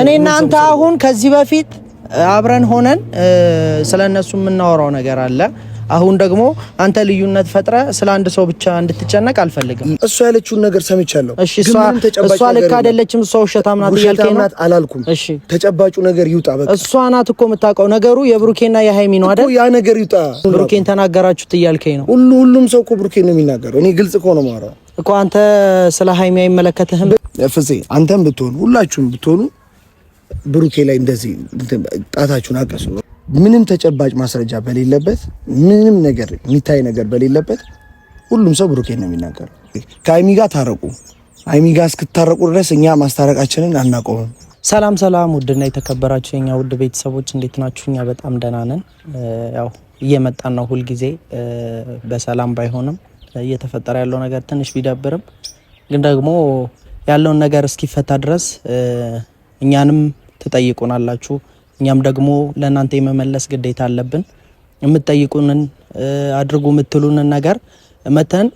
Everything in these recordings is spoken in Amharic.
እኔ እናንተ አሁን ከዚህ በፊት አብረን ሆነን ስለ እነሱ የምናወራው ነገር አለ። አሁን ደግሞ አንተ ልዩነት ፈጥረ ስለ አንድ ሰው ብቻ እንድትጨነቅ አልፈልግም። እሷ ያለችውን ነገር ሰምቻለሁ። እሺ፣ እሷ ልክ አይደለችም፣ እሷ ውሸታም ናት እያልከኝ ነው? አላልኩም። እሺ፣ ተጨባጩ ነገር ይውጣ። በቃ እሷ ናት እኮ የምታውቀው ነገሩ የብሩኬና የሃይሚ ነው አይደል? ያ ነገር ይውጣ። ብሩኬን ተናገራችሁት እያልከኝ ነው? ሁሉ ሁሉም ሰው እኮ ብሩኬን ነው የሚናገረው። እኔ ግልጽ እኮ ነው የማወራው እኮ። አንተ ስለ ሃይሚ አይመለከትህም ፍፄ። አንተም ብትሆኑ ሁላችሁም ብትሆኑ ብሩኬ ላይ እንደዚህ ጣታችሁን አቀሱ። ምንም ተጨባጭ ማስረጃ በሌለበት ምንም ነገር የሚታይ ነገር በሌለበት ሁሉም ሰው ብሩኬ ነው የሚናገረው። ከአይሚ ጋር ታረቁ፣ አይሚ ጋር እስክታረቁ ድረስ እኛ ማስታረቃችንን አናቆምም። ሰላም ሰላም፣ ውድና የተከበራችሁ የኛ ውድ ቤተሰቦች እንዴት ናችሁ? እኛ በጣም ደህና ነን። ያው እየመጣን ነው ሁልጊዜ በሰላም ባይሆንም እየተፈጠረ ያለው ነገር ትንሽ ቢደብርም ግን ደግሞ ያለውን ነገር እስኪፈታ ድረስ እኛንም ትጠይቁናላችሁ። እኛም ደግሞ ለእናንተ የመመለስ ግዴታ አለብን። የምትጠይቁንን አድርጉ የምትሉንን ነገር መተን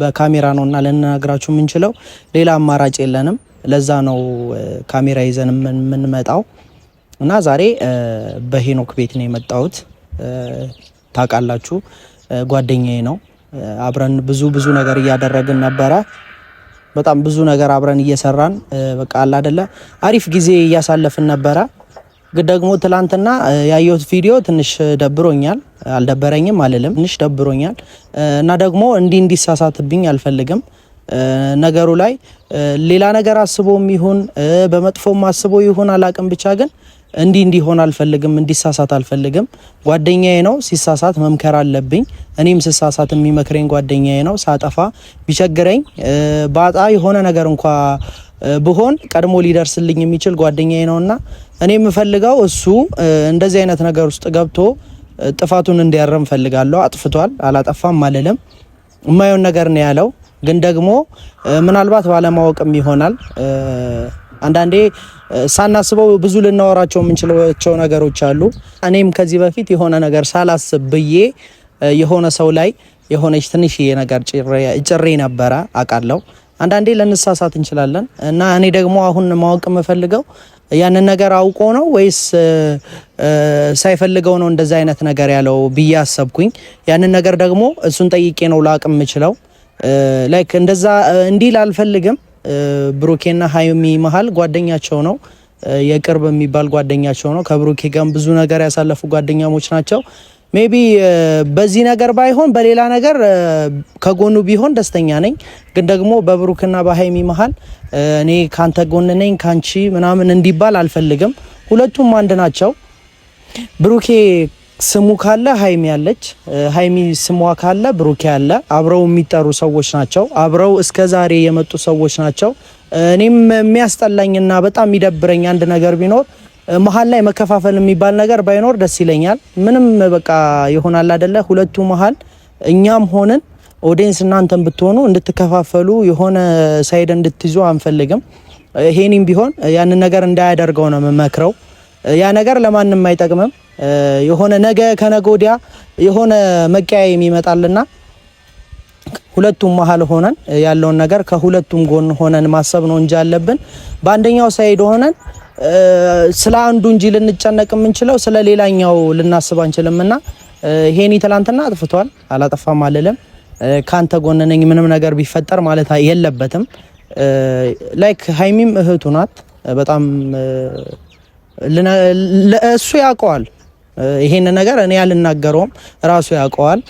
በካሜራ ነውና ልንነግራችሁ የምንችለው ሌላ አማራጭ የለንም። ለዛ ነው ካሜራ ይዘን የምንመጣው እና ዛሬ በሄኖክ ቤት ነው የመጣሁት። ታውቃላችሁ ጓደኛዬ ነው። አብረን ብዙ ብዙ ነገር እያደረግን ነበረ። በጣም ብዙ ነገር አብረን እየሰራን በቃ አለ አይደለ አሪፍ ጊዜ እያሳለፍን ነበረ። ግን ደግሞ ትላንትና ያየሁት ቪዲዮ ትንሽ ደብሮኛል። አልደበረኝም አልልም፣ ትንሽ ደብሮኛል እና ደግሞ እንዲህ እንዲሳሳትብኝ አልፈልግም። ነገሩ ላይ ሌላ ነገር አስቦም ይሁን በመጥፎም አስቦ ይሁን አላቅም፣ ብቻ ግን እንዲህ እንዲሆን አልፈልግም፣ እንዲሳሳት አልፈልግም። ጓደኛዬ ነው፣ ሲሳሳት መምከር አለብኝ። እኔም ስሳሳት የሚመክረኝ ጓደኛዬ ነው። ሳጠፋ ቢቸግረኝ ባጣ የሆነ ነገር እንኳ ብሆን ቀድሞ ሊደርስልኝ የሚችል ጓደኛዬ ነውና እኔ የምፈልገው እሱ እንደዚህ አይነት ነገር ውስጥ ገብቶ ጥፋቱን እንዲያረም ፈልጋለሁ። አጥፍቷል፣ አላጠፋም አልልም። የማየውን ነገር ነው ያለው። ግን ደግሞ ምናልባት ባለማወቅም ይሆናል አንዳንዴ ሳናስበው ብዙ ልናወራቸው የምንችላቸው ነገሮች አሉ። እኔም ከዚህ በፊት የሆነ ነገር ሳላስብ ብዬ የሆነ ሰው ላይ የሆነች ትንሽዬ ነገር ጭሬ ነበረ አውቃለሁ። አንዳንዴ ልንሳሳት እንችላለን እና እኔ ደግሞ አሁን ማወቅ የምፈልገው ያንን ነገር አውቆ ነው ወይስ ሳይፈልገው ነው እንደዚህ አይነት ነገር ያለው ብዬ አሰብኩኝ። ያንን ነገር ደግሞ እሱን ጠይቄ ነው ላቅ የምችለው። ላይክ እንደዛ እንዲል አልፈልግም ብሩኬና ሀይሚ መሀል ጓደኛቸው ነው የቅርብ የሚባል ጓደኛቸው ነው። ከብሩኬ ጋር ብዙ ነገር ያሳለፉ ጓደኛሞች ናቸው። ሜቢ በዚህ ነገር ባይሆን በሌላ ነገር ከጎኑ ቢሆን ደስተኛ ነኝ። ግን ደግሞ በብሩክና በሀይሚ መሀል እኔ ካንተ ጎን ነኝ ካንቺ ምናምን እንዲባል አልፈልግም። ሁለቱም አንድ ናቸው። ብሩኬ ስሙ ካለ ሀይሚ ያለች ሀይሚ ስሟ ካለ ብሩኬ ያለ አብረው የሚጠሩ ሰዎች ናቸው። አብረው እስከ ዛሬ የመጡ ሰዎች ናቸው። እኔም የሚያስጠላኝና በጣም የሚደብረኝ አንድ ነገር ቢኖር መሀል ላይ መከፋፈል የሚባል ነገር ባይኖር ደስ ይለኛል። ምንም በቃ ይሆናል አደለ? ሁለቱ መሀል እኛም ሆንን ኦዲየንስ እናንተን ብትሆኑ እንድትከፋፈሉ የሆነ ሳይድ እንድትይዙ አንፈልግም። ይሄኒም ቢሆን ያንን ነገር እንዳያደርገው ነው የምመክረው። ያ ነገር ለማንም አይጠቅምም። የሆነ ነገ ከነገ ወዲያ የሆነ መቀያየም ይመጣልና ሁለቱም መሀል ሆነን ያለውን ነገር ከሁለቱም ጎን ሆነን ማሰብ ነው እንጂ አለብን በአንደኛው ሳይድ ሆነን ስለ አንዱ እንጂ ልንጨነቅ የምንችለው ስለ ሌላኛው ልናስብ አንችልምና ሄኒ ትላንትና አጥፍቷል፣ አላጠፋም አልልም። ከአንተ ጎን ነኝ፣ ምንም ነገር ቢፈጠር ማለት የለበትም። ላይክ ሀይሚም እህቱ ናት። በጣም እሱ ያውቀዋል ይሄን ነገር እኔ አልናገረውም፣ ራሱ ያውቀዋል።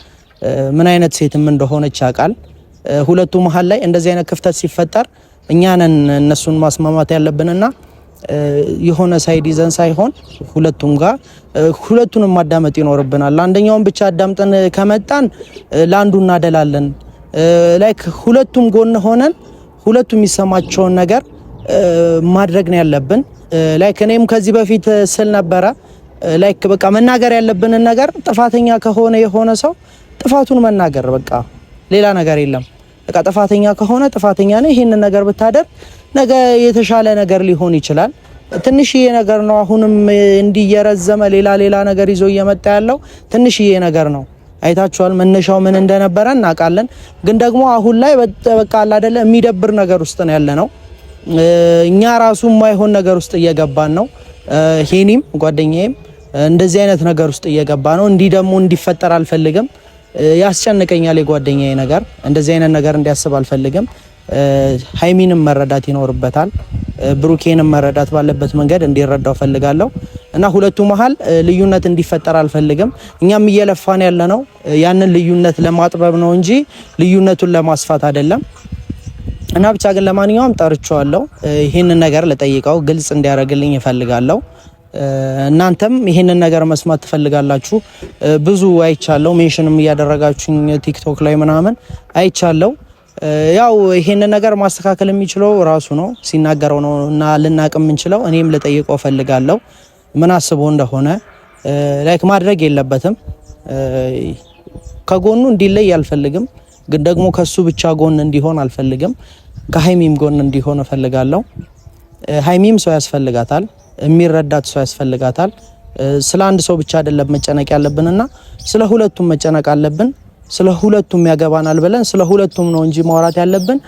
ምን አይነት ሴትም እንደሆነች ያውቃል። ሁለቱ መሀል ላይ እንደዚህ አይነት ክፍተት ሲፈጠር እኛ ነን እነሱን ማስማማት ያለብንና የሆነ ሳይድ ይዘን ሳይሆን ሁለቱም ጋር ሁለቱንም ማዳመጥ ይኖርብናል። አንደኛውን ብቻ አዳምጠን ከመጣን ለአንዱ እናደላለን። ላይክ ሁለቱም ጎን ሆነን ሁለቱ የሚሰማቸውን ነገር ማድረግ ነው ያለብን። ላይክ እኔም ከዚህ በፊት ስል ነበረ ላይክ በቃ መናገር ያለብንን ነገር ጥፋተኛ ከሆነ የሆነ ሰው ጥፋቱን መናገር በቃ ሌላ ነገር የለም። በቃ ጥፋተኛ ከሆነ ጥፋተኛ ነው። ይሄንን ነገር ብታደርግ ነገ የተሻለ ነገር ሊሆን ይችላል። ትንሽዬ ነገር ነው። አሁንም እንዲየረዘመ ሌላ ሌላ ነገር ይዞ እየመጣ ያለው ትንሽዬ ነገር ነው። አይታችኋል። መነሻው ምን እንደነበረ እናውቃለን። ግን ደግሞ አሁን ላይ በቃ አለ የሚደብር ነገር ውስጥ ነው ያለ ነው። እኛ ራሱ የማይሆን ነገር ውስጥ እየገባን ነው። ሄኒም ጓደኛዬም እንደዚህ አይነት ነገር ውስጥ እየገባ ነው። እንዲህ ደግሞ እንዲፈጠር አልፈልግም። ያስጨንቀኛል የጓደኛዬ ነገር። እንደዚህ አይነት ነገር እንዲያስብ አልፈልግም። ሀይሚንም መረዳት ይኖርበታል። ብሩኬንም መረዳት ባለበት መንገድ እንዲረዳው ፈልጋለሁ እና ሁለቱ መሀል ልዩነት እንዲፈጠር አልፈልግም። እኛም እየለፋን ያለ ነው ያንን ልዩነት ለማጥበብ ነው እንጂ ልዩነቱን ለማስፋት አይደለም። እና ብቻ ግን ለማንኛውም ጠርቼዋለሁ። ይህንን ነገር ልጠይቀው፣ ግልጽ እንዲያደርግልኝ እፈልጋለሁ። እናንተም ይሄንን ነገር መስማት ትፈልጋላችሁ። ብዙ አይቻለው፣ ሜንሽንም እያደረጋችሁኝ ቲክቶክ ላይ ምናምን አይቻለው። ያው ይሄንን ነገር ማስተካከል የሚችለው ራሱ ነው፣ ሲናገረው ነው እና ልናቅ የምንችለው። እኔም ልጠይቀው እፈልጋለሁ ምን አስቦ እንደሆነ። ላይክ ማድረግ የለበትም ከጎኑ እንዲለይ አልፈልግም፣ ግን ደግሞ ከሱ ብቻ ጎን እንዲሆን አልፈልግም። ከሀይሚም ጎን እንዲሆን እፈልጋለሁ። ሀይሚም ሰው ያስፈልጋታል፣ የሚረዳት ሰው ያስፈልጋታል። ስለ አንድ ሰው ብቻ አይደለም መጨነቅ ያለብንና ስለ ሁለቱም መጨነቅ አለብን። ስለ ሁለቱም ያገባናል ብለን ስለ ሁለቱም ነው እንጂ ማውራት ያለብን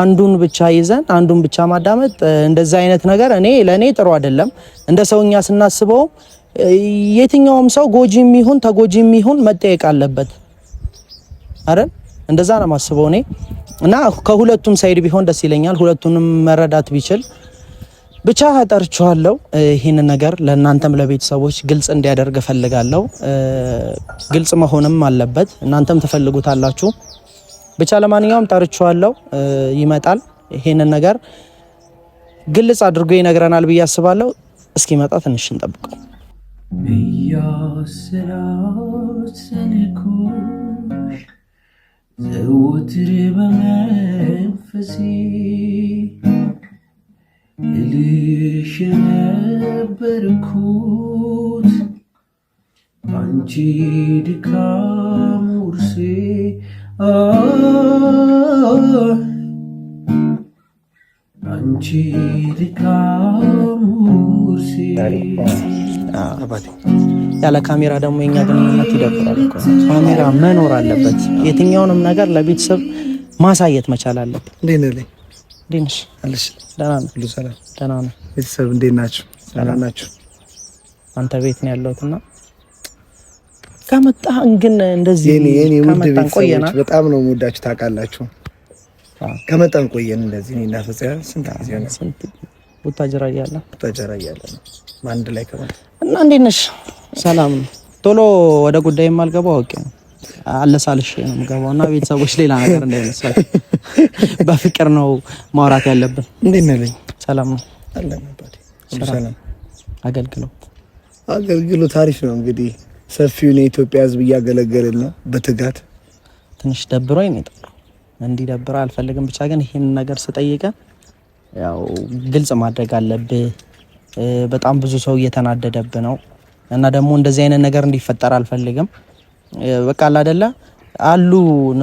አንዱን ብቻ ይዘን አንዱን ብቻ ማዳመጥ እንደዛ አይነት ነገር እኔ ለእኔ ጥሩ አይደለም። እንደ ሰውኛ ስናስበው የትኛውም ሰው ጎጂም ይሁን ተጎጂም ይሁን መጠየቅ አለበት አይደል? እንደዛ ነው የማስበው እኔ። እና ከሁለቱም ሳይድ ቢሆን ደስ ይለኛል። ሁለቱንም መረዳት ቢችል ብቻ ጠርችኋለሁ። ይህንን ነገር ለእናንተም ለቤተሰቦች ግልጽ እንዲያደርግ እፈልጋለሁ። ግልጽ መሆንም አለበት። እናንተም ትፈልጉታላችሁ። ብቻ ለማንኛውም ጠርችኋለሁ፣ ይመጣል። ይህንን ነገር ግልጽ አድርጎ ይነግረናል ብዬ አስባለሁ። እስኪመጣ ትንሽ እንጠብቀው። እያስራት ዘውትር በመንፈሴ ልልሽ የነበርኩት ባንቺ ድካም ውርሴ ባንቺ ድካም ውርሴ ያለ ካሜራ ደግሞ የኛ ግንኙነት ይደብራል። ካሜራ መኖር አለበት። የትኛውንም ነገር ለቤተሰብ ማሳየት መቻል አለብን። ደህና ነው። ቤተሰብ እንዴት ናችሁ? ሰላም ናችሁ? አንተ ቤት ነው ያለሁት እና ከመጣን ግን እንደዚህ ከመጣን ቆየና በጣም ነው የምወዳችሁ ታውቃላችሁ። ከመጣን ቆየን እንደዚህ እኔ እና ፍፄ ስንት ጊዜ ነው ቡታጅራ እያለ ቡታጅራ እያለ አንድ ላይ ከሆነ እና እንዴት ነሽ? ሰላም ነው። ቶሎ ወደ ጉዳይ የማልገባው አውቄ ነው አለሳልሽ ነው የምገባው እና ቤተሰቦች ሌላ ነገር እንዳይመስላችሁ በፍቅር ነው ማውራት ያለብን። እንዴት ነህ ልኝ? ሰላም ነው አለን። ሰላም አገልግሎት አገልግሎት አሪፍ ነው። እንግዲህ ሰፊውን የኢትዮጵያ ሕዝብ እያገለገልን ነው በትጋት ትንሽ ደብሮኝ ነው የጠራው። እንዲህ ደብረው አልፈልግም። ብቻ ግን ይህን ነገር ስጠይቀን ያው ግልጽ ማድረግ አለብህ። በጣም ብዙ ሰው እየተናደደብ ነው እና ደግሞ እንደዚህ አይነት ነገር እንዲፈጠር አልፈልግም። በቃ አይደለ አሉ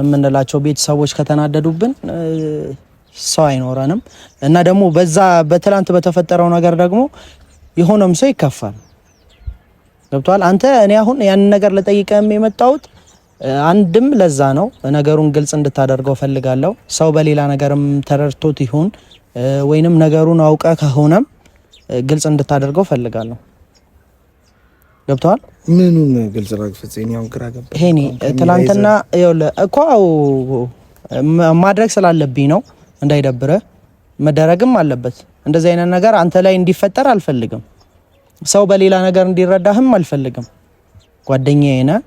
የምንላቸው ቤተሰቦች ከተናደዱብን ሰው አይኖረንም እና ደግሞ በዛ በትላንት በተፈጠረው ነገር ደግሞ የሆነም ሰው ይከፋል። ገብቷል። አንተ እኔ አሁን ያንን ነገር ልጠይቅህም የመጣሁት አንድም ለዛ ነው። ነገሩን ግልጽ እንድታደርገው ፈልጋለሁ። ሰው በሌላ ነገርም ተረድቶት ይሁን ወይንም ነገሩን አውቀ ከሆነም ግልጽ እንድታደርገው ፈልጋለሁ። ገብቷል? ምኑን ግልጽ ትላንትና እኮ ማድረግ ስላለብኝ ነው እንዳይደብረ መደረግም አለበት። እንደዚህ አይነት ነገር አንተ ላይ እንዲፈጠር አልፈልግም። ሰው በሌላ ነገር እንዲረዳህም አልፈልግም። ጓደኛዬ ነህ።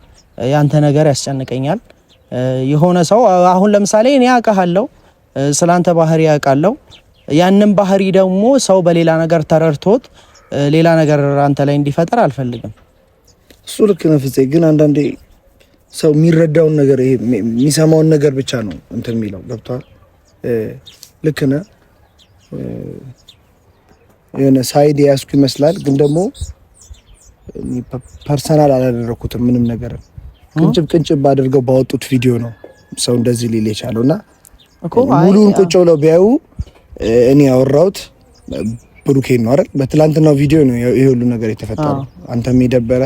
ያንተ ነገር ያስጨንቀኛል። የሆነ ሰው አሁን ለምሳሌ እኔ አውቃለሁ፣ ስላንተ ባህሪ አውቃለሁ። ያንን ባህሪ ደግሞ ሰው በሌላ ነገር ተረድቶት ሌላ ነገር አንተ ላይ እንዲፈጠር አልፈልግም። እሱ ልክ ነህ ፍፄ። ግን አንዳንዴ ሰው የሚረዳውን ነገር ይሄ የሚሰማውን ነገር ብቻ ነው እንትን የሚለው ገብቷል። ልክ ነህ። የሆነ ሳይድ የያዝኩ ይመስላል፣ ግን ደግሞ ፐርሰናል አላደረኩትም ምንም ነገር። ቅንጭብ ቅንጭብ አድርገው ባወጡት ቪዲዮ ነው ሰው እንደዚህ ሊል የቻለው እና ሙሉውን ቁጭ ብለው ቢያዩ እኔ ያወራሁት ብሩኬን ነው አይደል? በትላንትናው ቪዲዮ ነው ይሄ ሁሉ ነገር የተፈጠረው። አንተም የደበረ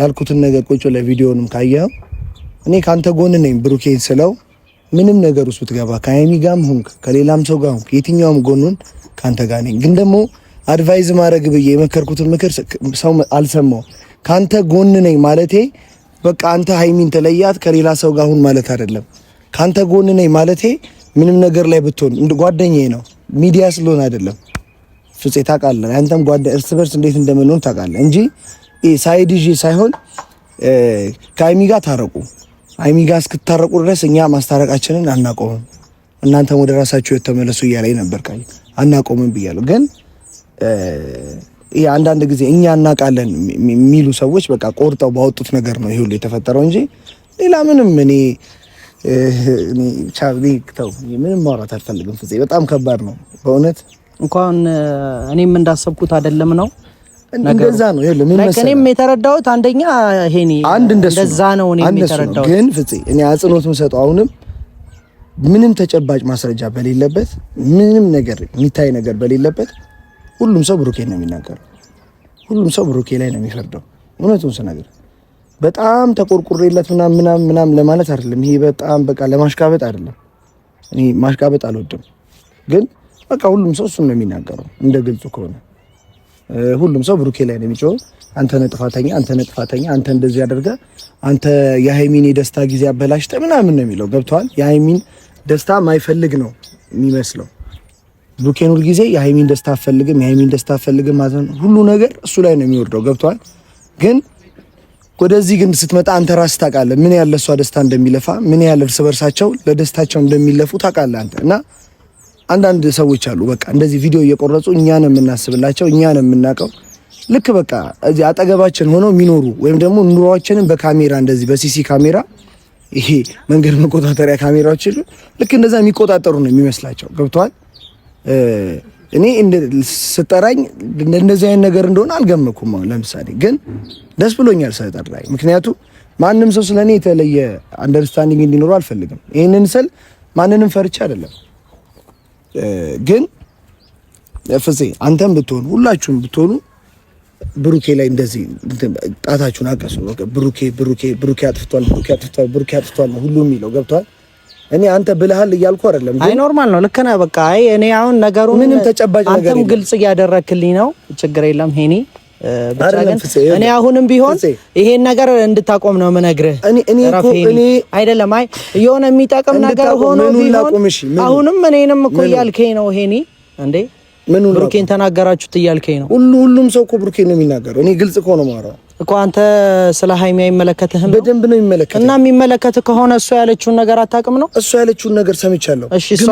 ያልኩትን ነገር ቁጭ ለቪዲዮንም ካየኸው እኔ ከአንተ ጎን ነኝ ብሩኬን ስለው ምንም ነገር ውስጥ ብትገባ ከሀይሚ ጋም ሁንክ ከሌላም ሰው ጋር ሁንክ የትኛውም ጎኑን ከአንተ ጋር ነኝ። ግን ደግሞ አድቫይዝ ማድረግ ብዬ የመከርኩትን ምክር ሰው አልሰማው። ከአንተ ጎን ነኝ ማለቴ በቃ አንተ ሀይሚን ተለያት ከሌላ ሰው ጋር ሁን ማለት አይደለም። ከአንተ ጎን ነኝ ማለቴ ምንም ነገር ላይ ብትሆን ጓደኛዬ ነው። ሚዲያ ስለሆነ አይደለም ፍፄ ታውቃለህ። አንተም ጓደ እርስ በርስ እንዴት እንደምንሆን ታውቃለህ እንጂ ሳይድ ይዤ ሳይሆን ከአይሚ ጋር ታረቁ። አይሚ ጋር እስክታረቁ ድረስ እኛ ማስታረቃችንን አናቆምም። እናንተም ወደ ራሳችሁ የተመለሱ እያለኝ ነበር። ቃል አናቆምም ብያለሁ። ግን አንዳንድ ጊዜ እኛ እናውቃለን የሚሉ ሰዎች በቃ ቆርጠው ባወጡት ነገር ነው ይሁሉ የተፈጠረው እንጂ ሌላ ምንም እኔ ምንም ማውራት አልፈልግም። ፍፄ በጣም ከባድ ነው በእውነት እንኳን እኔም እንዳሰብኩት አይደለም ነው እንደዛ ነው። እኔም የተረዳሁት አንደኛ አንድ እንደዛ ነው እኔም የተረዳሁት። ግን ፍፄ እኔ አጽንኦት የምሰጠው አሁንም ምንም ተጨባጭ ማስረጃ በሌለበት ምንም ነገር የሚታይ ነገር በሌለበት ሁሉም ሰው ብሩኬ ነው የሚናገረው። ሁሉም ሰው ብሩኬ ላይ ነው የሚፈርደው። እውነቱን ስነግርህ በጣም ተቆርቁሬለት ምናም ምናም ምናም ለማለት አይደለም። ይሄ በጣም በቃ ለማሽቃበጥ አይደለም። እኔ ማሽቃበጥ አልወድም፣ ግን በቃ ሁሉም ሰው እሱን ነው የሚናገረው። እንደ ግልጹ ከሆነ ሁሉም ሰው ብሩኬ ላይ ነው የሚጮው። አንተ ነህ ጥፋተኛ፣ አንተ ነህ ጥፋተኛ፣ አንተ እንደዚህ አደርገ አንተ የሀይሚን የደስታ ጊዜ አበላሽተ ምናምን ነው የሚለው። ገብተዋል። የሀይሚን ደስታ ማይፈልግ ነው የሚመስለው ብሩኬን ጊዜ የሀይሚን ደስታ አፈልግም፣ የሀይሚን ደስታ አፈልግም ማለት ሁሉ ነገር እሱ ላይ ነው የሚወርደው። ገብተዋል ግን ወደዚህ ግን ስትመጣ አንተ ራስህ ታውቃለህ ምን ያህል ለእሷ ደስታ እንደሚለፋ ምን ያህል እርስ በርሳቸው ለደስታቸው እንደሚለፉ ታውቃለህ አንተ እና አንዳንድ ሰዎች አሉ በቃ እንደዚህ ቪዲዮ እየቆረጹ እኛን የምናስብላቸው ነው የምናውቀው ልክ በቃ እዚህ አጠገባችን ሆነው የሚኖሩ ወይም ደግሞ ኑሯችንን በካሜራ እንደዚህ በሲሲ ካሜራ ይሄ መንገድ መቆጣጠሪያ ካሜራዎች ልክ እንደዛ የሚቆጣጠሩ ነው የሚመስላቸው ገብቷል እኔ ስጠራኝ እንደዚህ አይነት ነገር እንደሆነ አልገመኩም። ለምሳሌ ግን ደስ ብሎኛል ስለጠራኝ፣ ምክንያቱም ማንም ሰው ስለእኔ የተለየ አንደርስታንዲንግ እንዲኖረው አልፈልግም። ይህንን ስል ማንንም ፈርቻ አይደለም። ግን ፍፄ አንተም ብትሆኑ ሁላችሁም ብትሆኑ ብሩኬ ላይ እንደዚህ ጣታችሁን አቀሱ። ብሩኬ ብሩኬ ብሩኬ አጥፍቷል፣ ብሩኬ አጥፍቷል፣ ብሩኬ አጥፍቷል ነው ሁሉ የሚለው ገብቷል። እኔ አንተ ብልሃል እያልኩ አይደለም። አይ ኖርማል ነው፣ ልክ ነህ። በቃ አይ እኔ አሁን ነገሩ ምንም ተጨባጭ ነገር አንተም ግልጽ እያደረክልኝ ነው። ችግር የለም ሄኒ። ብቻ እኔ አሁንም ቢሆን ይሄን ነገር እንድታቆም ነው የምነግርህ። እኔ እኔ እኔ እኮ አይደለም አይ የሆነ የሚጠቅም ነገር ሆኖ ቢሆን አሁንም እኔንም እኮ እያልከኝ ነው ሄኒ እንዴ ምን ብሩኬን ተናገራችሁት እያልከኝ ነው። ሁሉ ሁሉም ሰው እኮ ብሩኬን ነው የሚናገረው። እኔ ግልጽ እኮ ነው የማወራው እኮ አንተ ስለ ሀይሚ አይመለከትህም። በደንብ ነው የሚመለከት እና የሚመለከት ከሆነ እሷ ያለችውን ነገር አታውቅም ነው። እሷ ያለችውን ነገር ሰምቻለሁ። እሺ፣ እሷ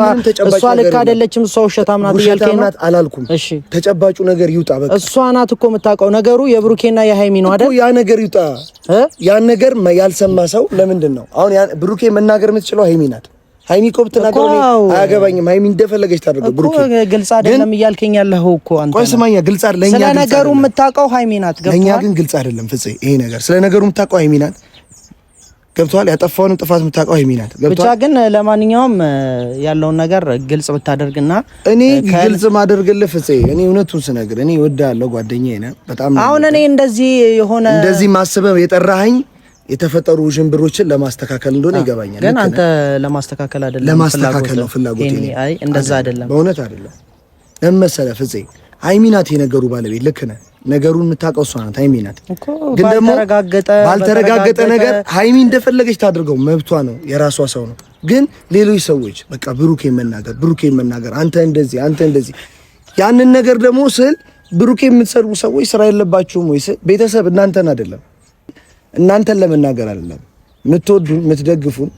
ልክ አይደለችም፣ እሷ ውሸታም ናት እያልከኝ ነው። አላልኩም። እሺ፣ ተጨባጩ ነገር ይውጣ። በቃ እሷ ናት እኮ የምታውቀው ነገሩ የብሩኬና የሀይሚ ነው አይደል? ያ ነገር ይውጣ። ያን ነገር ያልሰማ ሰው ለምንድን ነው አሁን ብሩኬ መናገር የምትችለው ሀይሚ ናት። ሀይሚ እኮ ብትናገር አያገባኝም። ሀይሚ እንደፈለገች ታደርገው። ብሩኬ ግልጽ አይደለም እያልከኝ ያለው እኮ አንተ። ቆይ ስማኛ፣ ግልጽ አይደለም ስለ ነገሩ የምታውቀው ሀይሚ ናት። ገብቶሃል? ለእኛ ግን ግልጽ አይደለም ፍፄ፣ ይሄ ነገር ስለ ነገሩ የምታውቀው ሀይሚ ናት። ገብቶሃል? ያጠፋውንም ጥፋት የምታውቀው ሀይሚ ናት። ብቻ ግን ለማንኛውም ያለውን ነገር ግልጽ ብታደርግና እኔ ግልጽ ማደርግልህ ፍፄ፣ እኔ እውነቱን ስነግርህ እኔ እወድሃለሁ፣ ጓደኛዬ ነህ በጣም። አሁን እኔ እንደዚህ የሆነ እንደዚህ ማስበህ የጠራኸኝ የተፈጠሩ ውዥንብሮችን ለማስተካከል እንደሆነ ይገባኛል። ግን አንተ ለማስተካከል አይደለም ለማስተካከል ነው ፍላጎት። አይ እንደዛ አይደለም፣ በእውነት አይደለም። ለምን መሰለህ ፍፄ ሀይሚ ናት የነገሩ ባለቤት። ልክ ነህ። ነገሩን የምታውቀው እሷ ናት፣ ሀይሚ ናት። ግን ደግሞ ባልተረጋገጠ ነገር ሀይሚ እንደፈለገች ታድርገው፣ መብቷ ነው፣ የራሷ ሰው ነው። ግን ሌሎች ሰዎች በቃ ብሩኬ መናገር ብሩኬ መናገር አንተ እንደዚህ አንተ እንደዚህ ያንን ነገር ደግሞ ስል ብሩኬ የምትሰድቡ ሰዎች ስራ የለባችሁም ወይስ ቤተሰብ እናንተን አይደለም እናንተን ለመናገር አይደለም። የምትወዱን የምትደግፉን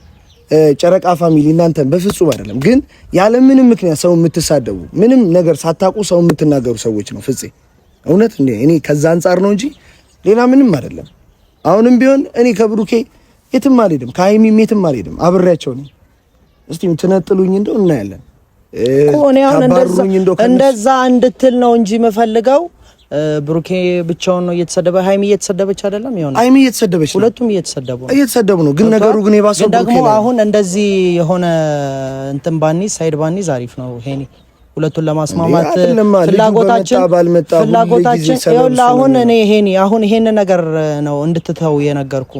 ጨረቃ ፋሚሊ እናንተን በፍጹም አይደለም። ግን ያለ ምንም ምክንያት ሰው የምትሳደቡ ምንም ነገር ሳታቁ ሰው የምትናገሩ ሰዎች ነው ፍፄ። እውነት እኔ ከዛ አንጻር ነው እንጂ ሌላ ምንም አይደለም። አሁንም ቢሆን እኔ ከብሩኬ የትም አልሄድም፣ ከሀይሚም የትም አልሄድም። አብሬያቸው ነው። እስቲ ትነጥሉኝ እንደው እናያለን። እኔ አሁን እንደዛ እንድትል ነው እንጂ መፈልገው ብሩኬ ብቻውን ነው እየተሰደበ፣ ሀይሚ እየተሰደበች አይደለም። ይሆነ ሀይሚ እየተሰደበች ሁለቱም እየተሰደቡ ነው እየተሰደቡ ነው። ግን ነገሩ ግን የባሰው ደግሞ አሁን እንደዚህ የሆነ እንትን ባኒዝ ሳይድ ባኒዝ አሪፍ ነው ሄኒ ሁለቱን ለማስማማት ፍላጎታችን ፍላጎታችን ይኸውልህ፣ አሁን እኔ ሄኒ አሁን ይሄን ነገር ነው እንድትተው የነገርኩ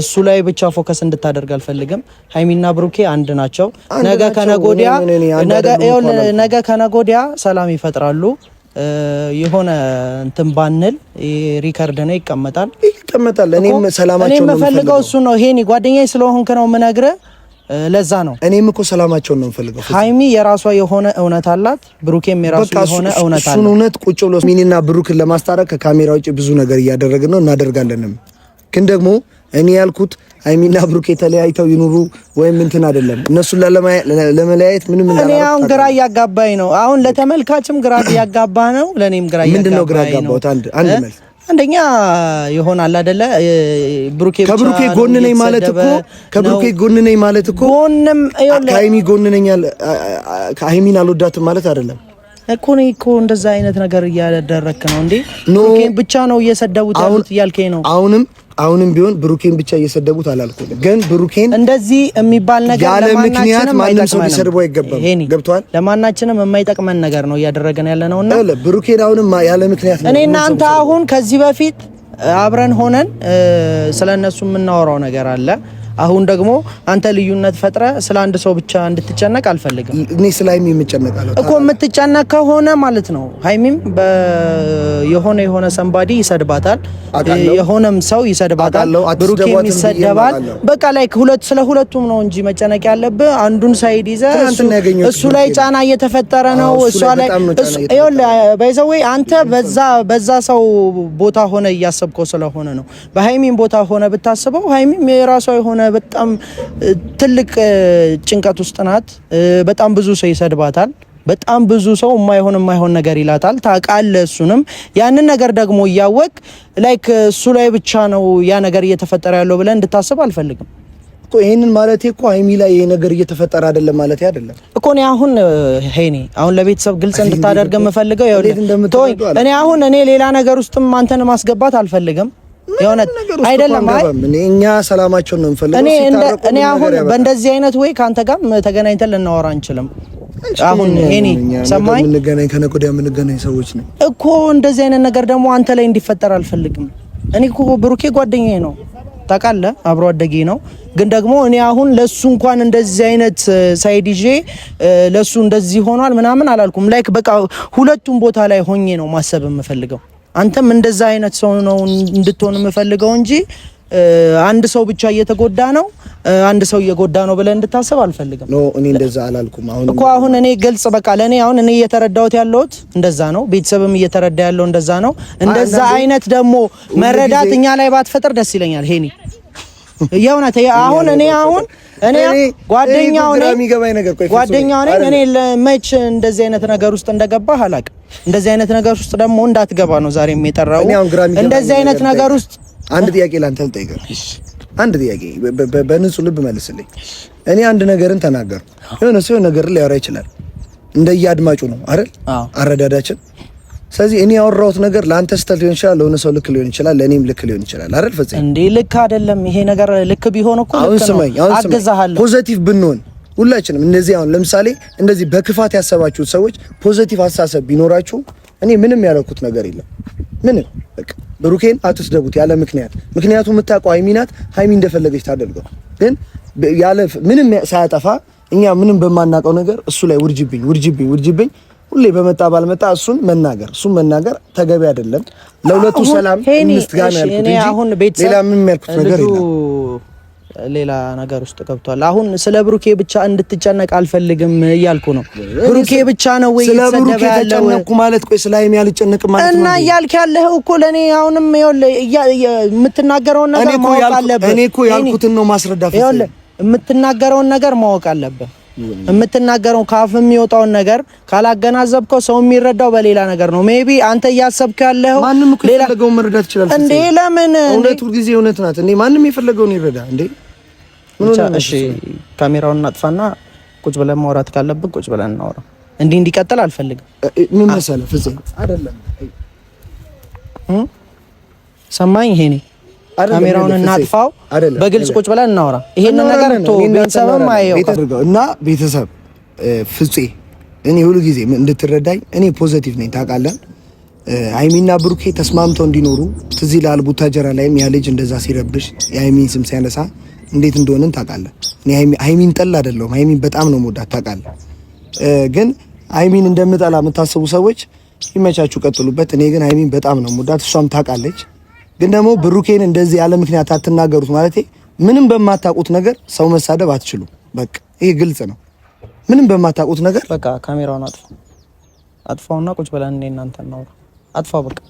እሱ ላይ ብቻ ፎከስ እንድታደርግ አልፈልግም። ሀይሚና ብሩኬ አንድ ናቸው። ነገ ከነጎዲያ ነገ ከነጎዲያ ሰላም ይፈጥራሉ። የሆነ እንትን ባንል ሪከርድ ነው ይቀመጣል፣ ይቀመጣል። እኔም ሰላማቸው ነው የምፈልገው እሱ ነው። ይሄኔ ጓደኛዬ ስለሆንክ ነው የምነግርህ፣ ለዛ ነው። እኔም እኮ ሰላማቸውን ነው የምፈልገው። ሀይሚ የራሷ የሆነ እውነት አላት፣ ብሩኬም የራሱ የሆነ እውነት አላት። እሱን እውነት ቁጭ ብሎ ሚኒና ብሩክን ለማስታረቅ ከካሜራ ውጭ ብዙ ነገር እያደረግን ነው እናደርጋለንም፣ ግን ደግሞ እኔ ያልኩት ሀይሚና ብሩኬ ተለያይተው ይኑሩ ወይም እንትን አይደለም። እነሱን ለመለያየት ምንም እኔ አሁን ግራ እያጋባኝ ነው። አሁን ለተመልካችም ግራ እያጋባ ነው፣ ለእኔም ግራ እያጋባ ነው። ምንድን ነው ግራ ያጋባሁት? አንድ አንድ መልስ አንደኛ ይሆናል አይደለ? ብሩኬ ከብሩኬ ጎን ነኝ ማለት እኮ ከብሩኬ ጎን ነኝ ማለት እኮ ጎንም ከሀይሚ ጎን ነኝ ሀይሚን አልወዳትም ማለት አይደለም እኮ እኔ እኮ እንደዛ አይነት ነገር እያደረክ ነው እንዴ? ብቻ ነው እየሰደቡት ያሉት እያልከኝ ነው አሁንም አሁንም ቢሆን ብሩኬን ብቻ እየሰደቡት አላልኩም፣ ግን ብሩኬን እንደዚህ የሚባል ነገር ያለ ምክንያት ማንም ሰው ሊሰድቡ አይገባም። ገብቷል? ለማናችንም የማይጠቅመን ነገር ነው እያደረገን ያለ ነው እና ብሩኬን አሁንም ያለ ምክንያት ነው። እኔና አንተ አሁን ከዚህ በፊት አብረን ሆነን ስለ እነሱ የምናወራው ነገር አለ አሁን ደግሞ አንተ ልዩነት ፈጥረ ስለ አንድ ሰው ብቻ እንድትጨነቅ አልፈልግም። እኔ ስለ ሀይሚ የምጨነቃለሁ እኮ የምትጨነቅ ከሆነ ማለት ነው። ሀይሚም የሆነ የሆነ ሰንባዲ ይሰድባታል፣ የሆነም ሰው ይሰድባታል፣ ብሩኬም ይሰደባል። በቃ ላይ ሁለት ስለ ሁለቱም ነው እንጂ መጨነቅ ያለብህ አንዱን ሳይድ ይዘ እሱ ላይ ጫና እየተፈጠረ ነው እሷ ላይ ባይዘዌ አንተ በዛ በዛ ሰው ቦታ ሆነ እያሰብከው ስለሆነ ነው። በሀይሚም ቦታ ሆነ ብታስበው ሀይሚም የራሷ የሆነ በጣም ትልቅ ጭንቀት ውስጥ ናት። በጣም ብዙ ሰው ይሰድባታል። በጣም ብዙ ሰው የማይሆን የማይሆን ነገር ይላታል። ታቃለ እሱንም ያንን ነገር ደግሞ እያወቅ ላይክ እሱ ላይ ብቻ ነው ያ ነገር እየተፈጠረ ያለው ብለን እንድታስብ አልፈልግም ይህንን ማለት እኮ ሀይሚ ላይ ይሄ ነገር እየተፈጠረ አይደለም ማለት አይደለም እኮ። እኔ አሁን ሄኔ አሁን ለቤተሰብ ግልጽ እንድታደርግ የምፈልገው እኔ አሁን እኔ ሌላ ነገር ውስጥም አንተን ማስገባት አልፈልግም። የሆነ አይደለም። እኛ ሰላማቸውን ነው የምፈልገው። እኔ አሁን በእንደዚህ አይነት ወይ ከአንተ ጋር ተገናኝተን ልናወራ አንችልም። አሁን እኔ ሰማኝ የምንገናኝ ከነገ ወዲያ የምንገናኝ ሰዎች ነው እኮ። እንደዚህ አይነት ነገር ደግሞ አንተ ላይ እንዲፈጠር አልፈልግም። እኔ እኮ ብሩኬ ጓደኛዬ ነው ታውቃለህ፣ አብሮ አደጌ ነው። ግን ደግሞ እኔ አሁን ለሱ እንኳን እንደዚህ አይነት ሳይድ ይዤ ለሱ እንደዚህ ሆኗል ምናምን አላልኩም። ላይክ በቃ ሁለቱም ቦታ ላይ ሆኜ ነው ማሰብ የምፈልገው። አንተም እንደዛ አይነት ሰው ነው እንድትሆን የምፈልገው እንጂ አንድ ሰው ብቻ እየተጎዳ ነው፣ አንድ ሰው እየጎዳ ነው ብለህ እንድታስብ አልፈልግም። ኖ እኔ እንደዛ አላልኩም። አሁን እኮ አሁን እኔ ግልጽ በቃ ለእኔ አሁን እኔ እየተረዳሁት ያለሁት እንደዛ ነው። ቤተሰብም እየተረዳ ያለው እንደዛ ነው። እንደዛ አይነት ደግሞ መረዳት እኛ ላይ ባትፈጥር ደስ ይለኛል ሄኒ ያው ናት። አሁን እኔ አሁን እኔ ጓደኛው ነኝ ነገር ጓደኛው ነኝ እኔ ለመች እንደዚህ አይነት ነገር ውስጥ እንደገባ አላውቅም። እንደዚህ አይነት ነገር ውስጥ ደግሞ እንዳትገባ ነው ዛሬ የሚጠራው። እንደዚህ አይነት ነገር ውስጥ አንድ ጥያቄ ላንተ ልጠይቅህ። አንድ ጥያቄ በንጹህ ልብ መልስልኝ። እኔ አንድ ነገርን ተናገርኩ። የሆነ ሰው ነገር ሊያወራ ይችላል። እንደየ ነው አይደል አረዳዳችን ስለዚህ እኔ ያወራሁት ነገር ለአንተ ስህተት ሊሆን ይችላል፣ ለሆነ ሰው ልክ ሊሆን ይችላል፣ ለእኔም ልክ ሊሆን ይችላል። አይደል ፍፄ? እንዴ ልክ አይደለም ይሄ ነገር። ልክ ቢሆን እኮ አሁን ስማኝ፣ አሁን ስማኝ፣ ፖዘቲቭ ብንሆን ሁላችንም እንደዚህ አሁን ለምሳሌ እንደዚህ በክፋት ያሰባችሁት ሰዎች ፖዘቲቭ አስተሳሰብ ቢኖራችሁ እኔ ምንም ያለኩት ነገር የለም። ምንም በቃ ብሩኬን አትስደቡት ያለ ምክንያት። ምክንያቱ የምታውቀው ሀይሚ ናት። ሀይሚ እንደፈለገች ታደርገው። ግን ያለ ምንም ሳያጠፋ እኛ ምንም በማናውቀው ነገር እሱ ላይ ውርጅብኝ ውርጅብኝ ውርጅብኝ ሁሌ በመጣ ባልመጣ እሱን መናገር እሱን መናገር ተገቢ አይደለም። ለሁለቱ ሰላም ጋር ምስጋና ያልኩት እንጂ ሌላ ምንም ያልኩት ነገር የለም። ሌላ ነገር ውስጥ ገብቷል። አሁን ስለ ብሩኬ ብቻ እንድትጨነቅ አልፈልግም እያልኩ ነው። ብሩኬ ብቻ ነው ወይ ስለ ብሩኬ ተጨነቅኩ ማለት? ቆይ ስለ ሀይሚ አልጨነቅም ማለት ነው እና እያልክ ያለህ እኮ ለእኔ አሁንም የምትናገረውን ነገር ማወቅ አለብህ። እኔ እኮ ያልኩትን ነው ማስረዳት። የምትናገረውን ነገር ማወቅ አለብህ የምትናገረው ካፍ የሚወጣውን ነገር ካላገናዘብከው ሰው የሚረዳው በሌላ ነገር ነው። ሜቢ አንተ እያሰብክ ያለው ማንም እኮ የፈለገውን መረዳት ይችላል እንዴ? ለምን እውነት ሁልጊዜ እውነት ናት እንዴ? ማንም የፈለገውን ይረዳ እንዴ? እሺ ካሜራውን እናጥፋና ቁጭ ብለን ማውራት ካለብን ቁጭ ብለን እናውራ። እንዲህ እንዲቀጥል አልፈልግም። ምን መሰለህ ፍፄ አይደለም ሰማኝ ይሄኔ ካሜራውን እናጥፋው፣ በግልጽ ቁጭ ብለን እናወራ። ይሄንን ነገር ቤተሰብም አየው እና ቤተሰብ ፍፄ፣ እኔ ሁሉ ጊዜ እንድትረዳኝ እኔ ፖዘቲቭ ነኝ ታውቃለህ። አይሚና ብሩኬ ተስማምተው እንዲኖሩ ትዝ ይልሃል። ቡታጀራ ላይም ያ ልጅ እንደዛ ሲረብሽ የአይሚን ስም ሲያነሳ እንዴት እንደሆነን ታውቃለህ። እኔ አይሚን ጠል አይደለሁም። አይሚን በጣም ነው የምወዳት ታውቃለህ። ግን አይሚን እንደምጠላ የምታስቡ ሰዎች ይመቻችሁ፣ ቀጥሉበት። እኔ ግን አይሚን በጣም ነው የምወዳት፣ እሷም ታውቃለች። ግን ደግሞ ብሩኬን እንደዚህ ያለ ምክንያት አትናገሩት። ማለት ምንም በማታውቁት ነገር ሰው መሳደብ አትችሉም። በቃ ይሄ ግልጽ ነው። ምንም በማታውቁት ነገር በቃ ካሜራውን አጥፋ አጥፋውና ቁጭ ብለን እናንተ እናውራ። አጥፋው በቃ